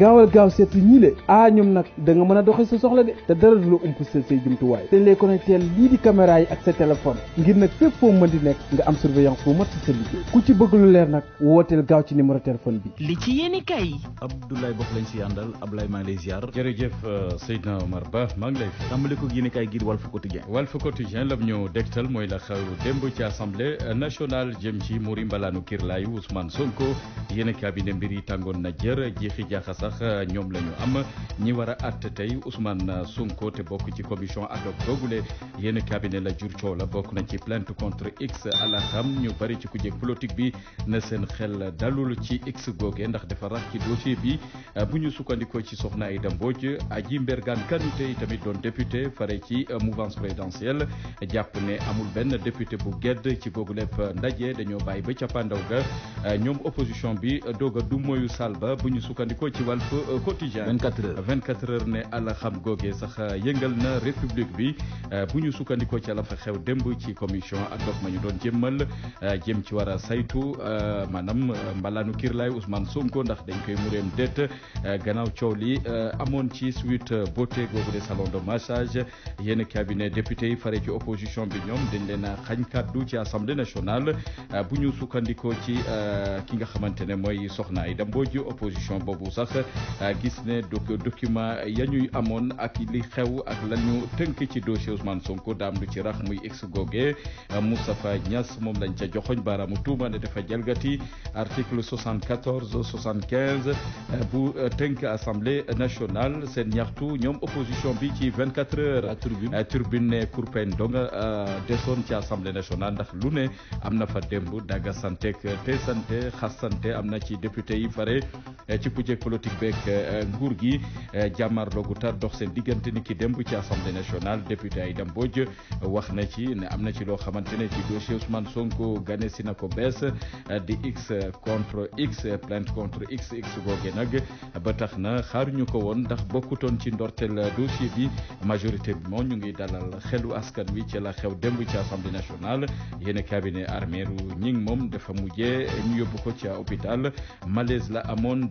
gaawal gaaw seet si ñii ah, ñoom nag danga mën a doxee sa soxla de te dara du la umpaseel say jumtuwaay dañ lay connecté lii di caméra yi ak sa téléphone ngir nag fépp foo mën di nekk nga am surveillance bu mat si sa liggéey ku ci bëgg lu leer nag wooteel gaaw ci numéro téléphone bi li ci yéeni kay Abdoulaye Box lañ si àndal Abdoulaye maa ngi lay ziar jërëjëf euh, Seydina Omar Ba maa ngi lay tambali ko yéeni kay gi wal Quotidien Walf Quotidien lam ñu dégtal mooy la xew démb ci assemblée nationale jëm ci muri mbalaanu kirlaayu Ousmane Sonko yéeni kay bi ne mbir yi tàngoon na jër jeexi sax euh, ñoom la ñu am ñi war a àtt tey Ousmane Sonko te bokk ci commission ad hoc googule yéen cabinet la jur coow la bokk nañ ci plainte contre x alaxam ñu bari ci kujje politique bi na seen xel dalul ci x googe ndax dafa rax ci dossier bi euh, bu ñu sukkandikoo ci soxna ay Aïda Mbodj Adji Mbergane Kanouté tamit doon député fare ci euh, mouvance présidentielle jàpp ne amul benn député bu gedd ci googu lépp ndaje dañoo bàyyi ba cappaandaw ga ñoom opposition bi doog du moyu salba Walf euh, Quotidien 24 heures 24 heures ne ala xam googee sax euh, yëngal na république bi euh, bu ñu sukkandikoo ci la fa xew démb ci commission ak dox ma ñu doon jëmmal jëm ci war a saytu maanaam mbalaanu kirlaay Ousmane Sonko ndax dañ koy muréem déet gannaaw coow li amoon ci suite beauté googu de salon de massage yenn cabinet député yi fare ci opposition bi ñoom dañ leen a xañ kaddu ci assemblée nationale bu ñu sukkandikoo ci ki nga xamante ne mooy soxna Aïda Mbodj opposition boobu sax Ah, gis ne donc document ya ñuy amoon ak li xew ak la ñu tënk ci dossier Ousmane Sonko daam lu ci rax muy ex goge ah, Moustapha Niass moom lañ ca joxoñ baaraamu tuuma ne dafa jalgati article 74 75 ah, bu tënk assemblée nationale seen ñaxtu ñoom opposition bi ci vingt 24 heures. turbine turbine kurpen donga desoon ci assemblée nationale ndax lu ne am na fa démb dagga santek te sante xas sante am na ci député yi fare ci pujjeg politique beeg euh, nguur gi euh, jàmmarloo gu tar dox seen diggante ni ki démb ci assemblée nationale député Aïda Mbodj wax na ci ne am na ci loo xamante ne ci dossier Ousmane Sonko gane si na ko bees euh, di x contre x plainte contre x x googe nag ba tax na xaaruñu ko woon ndax bokkutoon ci ndorteel dossier bi majorité bi moom ñu ngi dalal xelu askan wi ci la xew démb ci assemblée nationale yéen cabinet armée ru ñing moom dafa mujjee ñu yóbbu ko ci hôpital malaise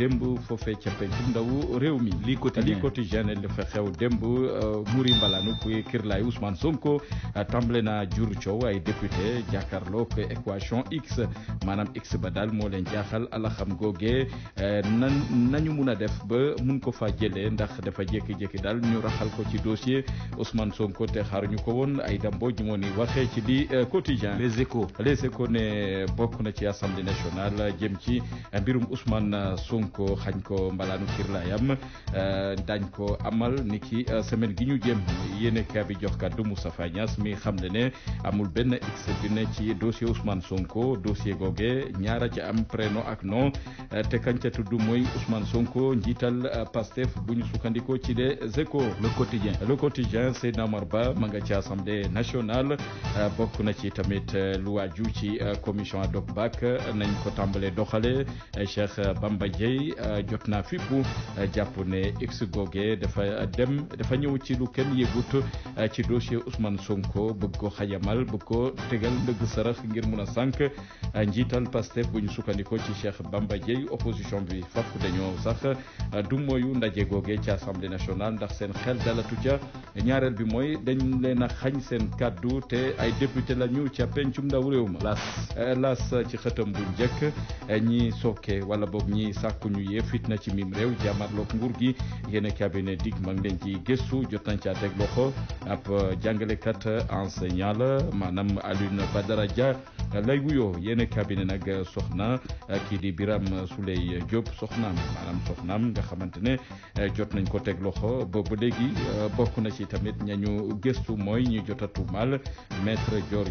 démb foofee ca pencum ndaw réew mi lii quotidien dafa xew démb euh, muri mbalaanu ku kirlaay Ousmane Sonko euh, tàmbale na jur coow ay député jàkkaarloo ko équation x maanaam x ba daal moo leen jaaxal ala xam googe euh, nan nañu mun a def ba mun ko fa jëlee ndax dafa jékki-jékki daal ñu raxal ko ci dossier Ousmane Sonko te xaaruñu ko won ay dambo ñu moo ni ci di quotidien les échos les échos ne bokk na ci assemblée nationale jëm ci mbirum Ousmane Sonko ko xañ ko mbalaanu kirlaayam euh, dañ ko amal niki euh, semaine gi ñu jëm yéene kaa bi jox kàddu Moustapha mi xam ne ne amul benn x bi ci dossier Ousmane Sonko dossier googe ñaara ca am prénom ak nom euh, te kañ ca tudd mooy Ousmane Sonko njiital Pastef bu buñ sukkandikoo ci Les Échos le quotidien le quotidien Seydina Omar Ba ma nga ci assemblée nationale bokk na ci tamit lu waaju ci commission ad hoc BAC nañ ko tàmbalee doxale Cheikh Bamba dey euh, jot naa fipp euh, jàpp ne x googe dafa dem dafa ñëw ci lu kenn yëgut euh, ci dossier Ousmane Sonko bëgg ko xajamal bëgg ko tegal ndëgg sarax ngir mun a sànq njiital Pastef bu ñu sukkandikoo ci Cheikh Bamba Dièye opposition bi faf dañoo sax du mooyu ndaje googe ci assemblée nationale ndax seen xel dalatu ca ñaareel bi mooy dañ leen a xañ seen kàddu te ay député lañu ñu ca pencum ndaw réew ma laas ci xëtam bu njëkk ñi sooke wala boog ñi sàkku ku ñu yee fitna ci mim réew jàmmarloog nguur gi yéen a cabinet dig ma ngi leen ci gëstu jot nañ caa teg loxo ab en enseignant la maanaam Alioune Badara Dia lay wuyoo yéen cabinet nag eh, soxna eh, kii di Birame eh, Souley Diop soxnaam maanaam nga xamante ne jot nañ ko teg loxo boobu léegi bokk na ci tamit ñañu gëstu mooy ñu jotatu mal tuumaal maître Dior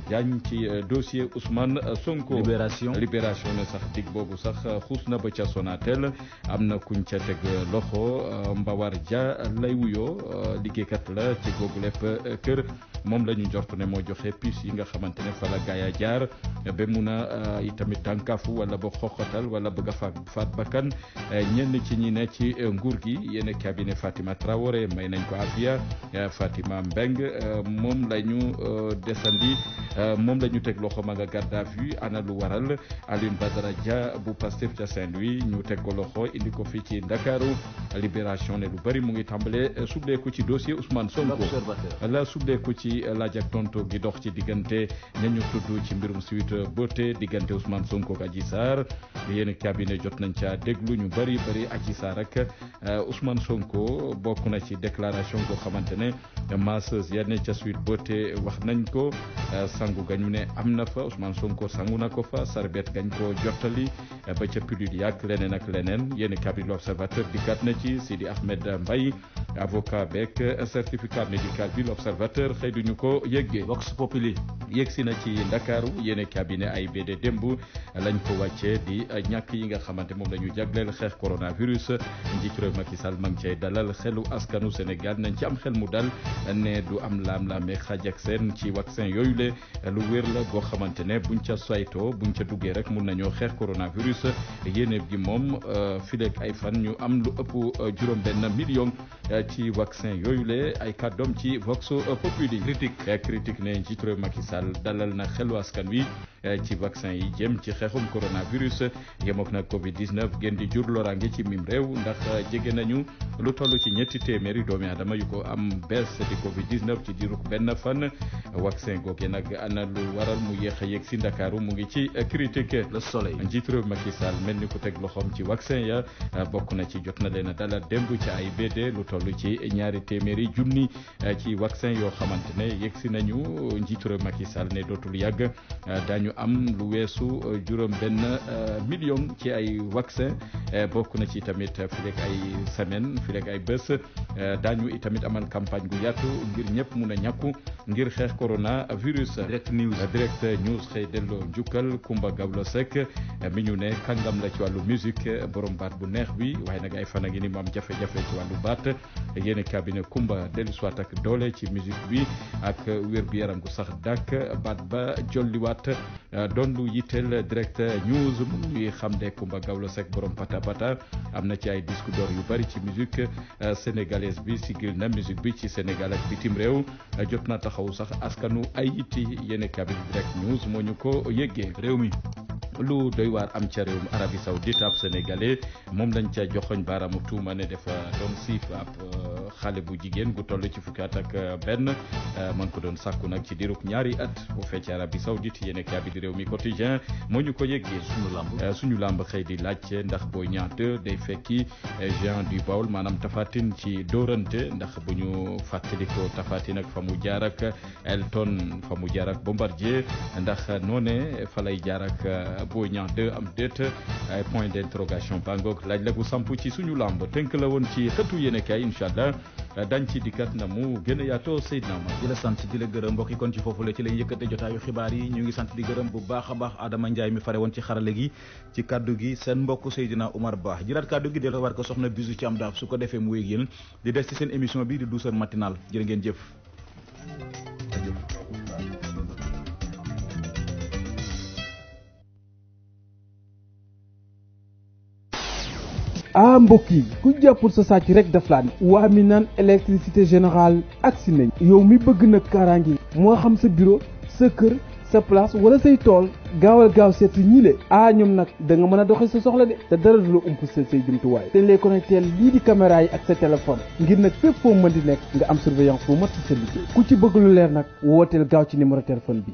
ci dossier Ousmane Sonko. Libération Libération ne sax dig boobu sax xuus na ba ca Sonatel am na kuñ ca teg loxo Mbawar Dia lay wuyoo liggéeykat la ci googu lépp kër. moom la ñu njort ne moo joxe piste yi nga xamante ne fa a jaar ba mun a euh, itamit tànkaafu wala ba xoqatal wala bëgg a faat faat bakkan ñenn ci ñi ne ci euh, nguur gi yéen cabinet Fatima Traoré may nañ ko Afia euh, Fatima Mbeng moom la ñu desandi moom la ñu teg loxo ma nga garde à vue ana lu waral Alioune Badara Dia bu Pastef ca Saint-Louis ñu teg ko loxo indi ko fii ci Ndakaaru Libération ne lu bari mu ngi tàmbale subleeku ci dossier Ousmane Sonko la subleeku ci ci laaj ak tontu gi dox ci diggante ñañu tudd ci mbirum Sweet Beauté diggante Ousmane Sonko ak Adji Sarr cabinet jot nañ ca déglu ñu bari bari Adji Sarr ak euh, Ousmane Sonko bokk na ci déclaration goo xamante ne masseuse yenn ca Sweet Beauté wax nañ ko euh, sangu gañu ne am na fa Ousmane Sonko sangu na ko fa sarbet gañ ko jottali euh, ba ca pilule yàgg leneen ak leneen yenn cabinet l'observateur dikkaat na ci Sidi Ahmed Mbaye avocat beeg certificat médical bi l'observateur bi ñu ko yëggee Vox Populi yëgsi na ci Ndakaaru yéene cabinet ay BD demb lañ ko wàccee di ñàkk yi nga xamante moom la ñu jagleel xeex coronavirus njiitu réew Macky Sall ma ngi cay dalal xelu askanu Sénégal nañ ci am xel mu dal ne du am laam laam xaj ak seen ci vaccin yooyu le lu wér la goo xamante ne buñ ca saytoo buñ ca duggee rek mun nañoo xeex coronavirus yéene gi moom euh, fileeg ay fan ñu am lu ëpp euh, juróom benn million ci vaccin le ay kàddoom ci Vox Populi. critique critique ne njiitu réew Macky dalal na xelu askan wi. ci vaccin yi jëm ci xeexum coronavirus yemook nag Covid 19 gën di jur loraange ci mim réew ndax jege nañu lu toll ci ñetti téeméeri doomi aadama yu ko am bees di Covid 19 ci diirug benn fan vaccin googu nag ana lu waral mu yéex a yéeg Ndakaaru mu ngi ci critique le soleil njiit réew Macky Sall mel ni ku teg loxoom ci vaccin ya bokk na ci jot na leen a dalal démb ci ay BD lu tollu ci ñaari téeméeri junni ci vaccin yoo xamante ne yéeg si nañu njiit réew Macky Sall ne dootul yàgg ñu am lu weesu euh, juróom benn euh, million ci ay vaccin euh, bokk na ci tamit fi rek ay semaine fi rek ay bés daañu itamit amal campagne gu yatu ngir ñëpp mun a ñakku ngir xeex corona virus. direct news direct news xëy delloo njukkal Kumba Gawlo Seck mi ñu ne kàngam la ci wàllu musique borom baat bu neex bi waaye nag ay fan a ngi ni mu am jafe-jafe ci wàllu baat yéen cabinet Kumba dellu soit ak doole ci musique bi ak wér bi yaram gu sax dàkk baat ba jolliwaat Euh, doon lu yitteel direct news mu ngi xam ne Kumba Gawlo Seck borom pata pata am na ci ay disque d'or yu bari ci musique euh, sénégalaise bi sigil na musique bi ci Sénégal ak bitim réew euh, jot na taxaw sax askanu ay itti yéen kabi direct news moo ñu ko yëggee réew mi. lu doy waar am ca réewum Arabie Saoudite ab sénégalais moom lañ ca joxoñ mu tuuma ne dafa doon siif ab. xale bu jigéen bu toll ci fukki at ak euh, benn euh, man ko doon sàkku nag ci dirub ñaari at bu fee ci Arabie Saoudite yéen a bi di réew mi quotidien moo ñu ko yëggee suñu lamb euh, suñu lamb xëy di laajte ndax Boy Niang 2 day fekki géant du Baol maanaam Tapha ci dóorante ndax bu ñu fàttalikoo Tapha Tine ak fa mu jaar ak Elton fa mu jaar ak Bombardier ndax noonee fa lay jaar ak Boy Niang 2 am déet point d'interrogation bangook laaj la gu samp ci suñu lamb tënk la woon ci xëtu yéen a kaay incha dañ ci dikkat na mu gën a yaatoo Seydina Omar di la sant di la gërëm mbokk yi kon ci foofu la ci lay yëkkate jotaayu xibaar yi ñu ngi sant di gërëm bu baax a baax Adama Ndiaye mi fare woon ci xarale gi ci kaddu gi seen mbokk Seydina Omar Ba jëlaat kaddu gi delluwaat ko soxna bisu ci am daaf su ko defee mu wéeg yéen di des ci seen émission bi di douceur matinale jërë ngeen jëf ah mbokk yi ku jàppul sa sàcc rek daf laa ne waa mi naan électricité générale agsi nañ yow mi bëgg nag kaaraange moo xam sa bureau sa kër sa place wala say tool gaawal gaaw seet si ñii le ah, nag da nga mën a doxee sa soxla de te dara du la ump sa say jumtuwaay te ñu lay connecté lii di caméra yi ak sa téléphone ngir nag fépp foo mën di nekk nga am surveillance bu mat si sa liggéey ku ci bëgg lu leer nag wooteel gaaw ci numéro téléphone bi